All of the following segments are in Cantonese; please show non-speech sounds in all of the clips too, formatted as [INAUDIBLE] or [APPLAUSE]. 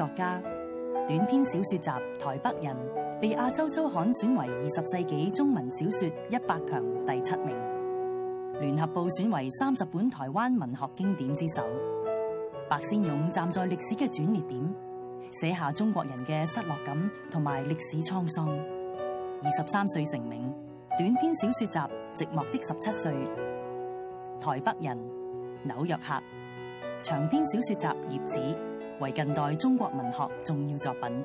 作家短篇小說集《台北人》被亞洲週刊選為二十世紀中文小說一百強第七名，聯合報選為三十本台灣文學經典之首。白先勇站在歷史嘅轉捩點，寫下中國人嘅失落感同埋歷史滄桑。二十三歲成名，短篇小說集《寂寞的十七歲》、《台北人》、《紐約客》，長篇小說集《孽子》。為近代中國文學重要作品，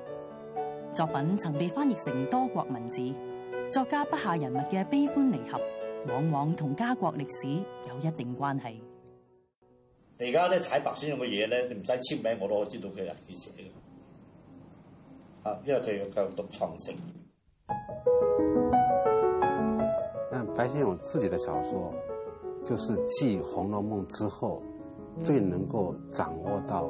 作品曾被翻譯成多國文字。作家筆下人物嘅悲歡離合，往往同家國歷史有一定關係。你而家咧睇白先勇嘅嘢咧，你唔使簽名，我都可知道佢係佢寫嘅。啊，呢個就要夠獨創性。白先勇自己嘅小說，就是繼《紅樓夢》之後，嗯、最能夠掌握到。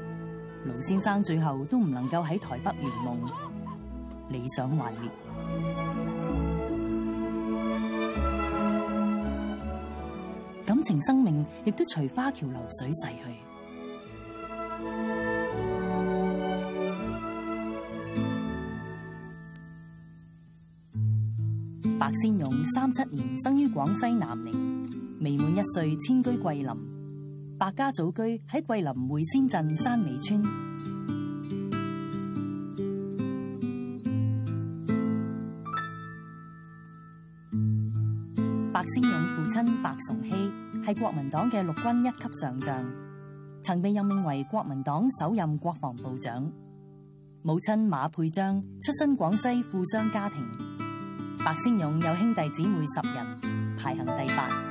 盧先生最後都唔能夠喺台北圓夢，理想幻滅，感情生命亦都隨花橋流水逝去。白先勇三七年生於廣西南寧，未滿一歲遷居桂林。白家祖居喺桂林會仙鎮山尾村。白先勇父親白崇禧係國民黨嘅陸軍一級上將，曾被任命為國民黨首任國防部長。母親馬佩璋出身廣西富商家庭。白先勇有兄弟姊妹十人，排行第八。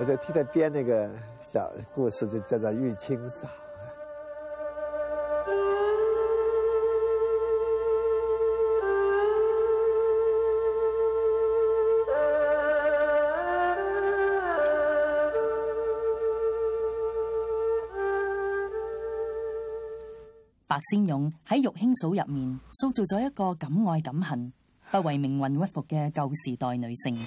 我就替佢編那個小故事，就叫做玉卿嫂。白先勇喺玉卿嫂入面塑造咗一個敢愛敢恨、不為命運屈服嘅舊時代女性。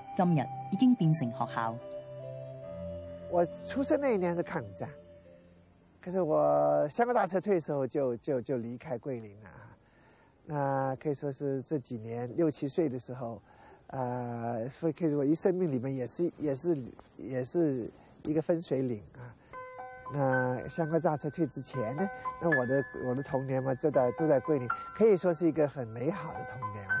今日已經變成學校。我出生那一年是抗戰，可是我湘桂大撤退的時候就就就離開桂林了啊。那可以說是這幾年六七歲的時候，啊、呃，所以可以說我一生命裏面也是也是也是一個分水嶺啊。那湘桂大撤退之前呢，那我的我的童年嘛，就在都在桂林，可以說是一個很美好的童年。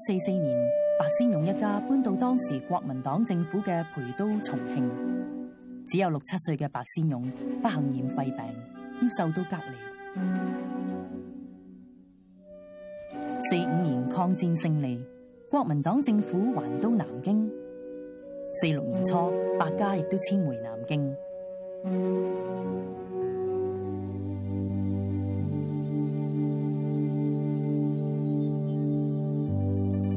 四四年，白先勇一家搬到當時國民黨政府嘅陪都重慶。只有六七歲嘅白先勇不幸染肺病，要受到隔離。 [NOISE] 四五年抗戰勝利，國民黨政府還都南京。四六年初，白家亦都遷回南京。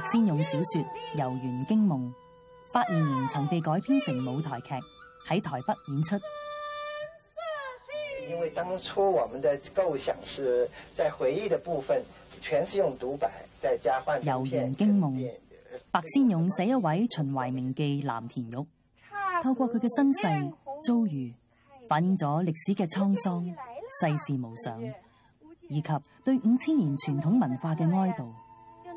白先勇小說《遊園驚夢》八二年曾被改編成舞台劇喺台北演出。因為當初我們的構想是在回憶的部分，全是用獨白，再加幻聽。《遊園驚夢》，白先勇寫一位秦淮名妓藍田玉，透過佢嘅身世遭遇，反映咗歷史嘅滄桑、世事無常，以及對五千年傳統文化嘅哀悼。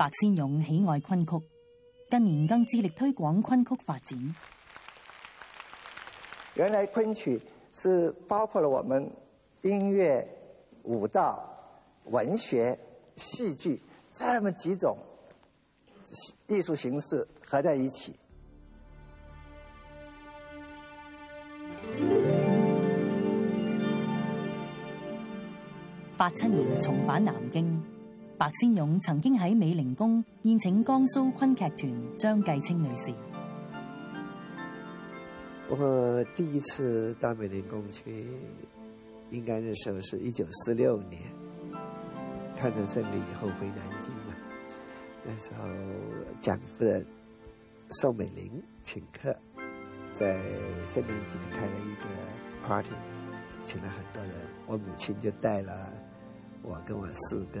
白先勇喜愛昆曲，近年更致力推廣昆曲發展。原來昆曲是包括了我們音樂、舞蹈、文學、戲劇這麼幾種藝術形式合在一起。八七年重返南京。白先勇曾經喺美齡宮宴請江蘇昆劇團張繼青女士。我第一次到美齡宮去，應該那時候是一九四六年，看到勝利以後回南京啦。那時候蔣夫人宋美齡請客，在聖誕節開了一個 party，請了很多人，我母親就帶了我跟我四哥。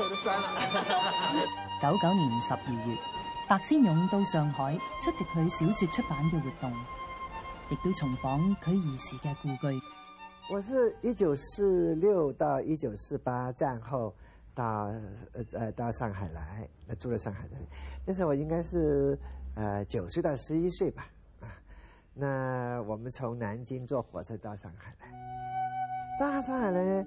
九九 [LAUGHS] 年十二月，白先勇到上海出席佢小說出版嘅活動，亦都重訪佢兒時嘅故居。我是一九四六到一九四八戰後到誒、呃、到上海來，住喺上海度。那時候我應該是誒九、呃、歲到十一歲吧。啊，那我們從南京坐火車到上海來，到上海來。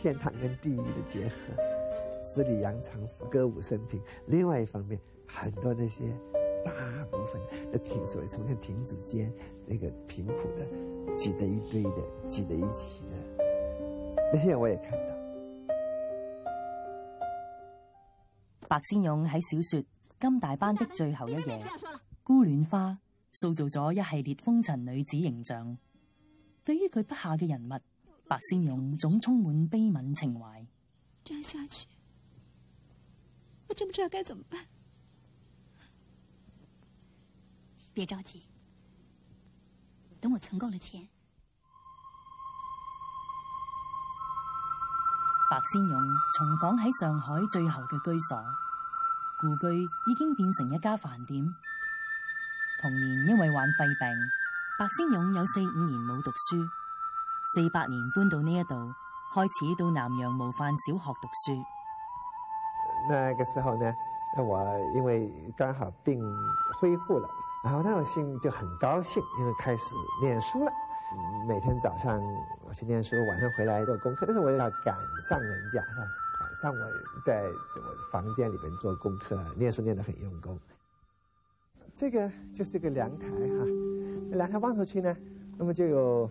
天堂跟地獄的結合，十里洋場，歌舞升平。另外一方面，很多那些大部分的亭子，從前亭子間那個貧苦的，擠在一堆的，擠在一起的那些人，我也看到。白先勇喺小說《金大班的最後一夜》《別別別孤戀花》，塑造咗一系列風塵女子形象。對於佢筆下嘅人物，白先勇總充滿悲憫情懷。這樣下去，我真不知道該怎麼辦。別着急，等我存夠了錢。白先勇重訪喺上海最後嘅居所，故居已經變成一家飯店。童年因為患肺病，白先勇有四五年冇讀書。四八年搬到呢一度，開始到南洋模範小學讀書。那個時候呢，我因為剛好病恢復了，然後那我心就很高興，因為開始念書了。每天早上我去念書，晚上回來做功課，但是我要趕上人家，哈，晚上我在我的房間裏面做功課，念書念得很用功。這個就是一個涼台，哈、啊，涼台望出去呢，那麼就有。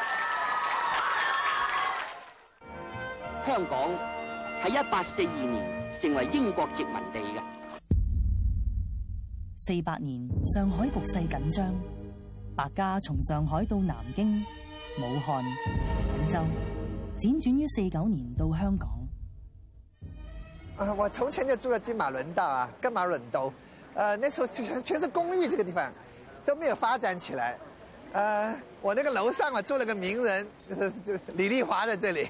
香港喺一八四二年成為英國殖民地嘅。四八年上海局勢緊張，白家從上海到南京、武漢、廣州，輾轉於四九年到香港。啊、呃！我從前就住咗金馬倫道啊，金馬倫道。呃，那時候全全是公寓，這個地方都沒有發展起來。呃，我那個樓上啊，住了個名人，李麗華在這裏。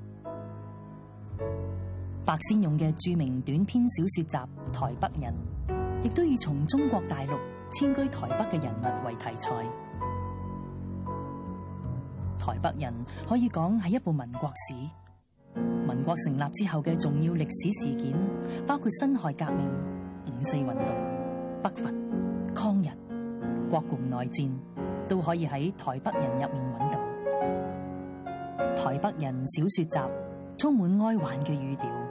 白先勇嘅著名短篇小說集《台北人》，亦都以從中國大陸遷居台北嘅人物為題材。《台北人》可以講係一部民國史。民國成立之後嘅重要歷史事件，包括辛亥革命、五四運動、北伐、抗日、國共內戰，都可以喺《台北人》入面揾到。《台北人》小說集充滿哀婉嘅語調。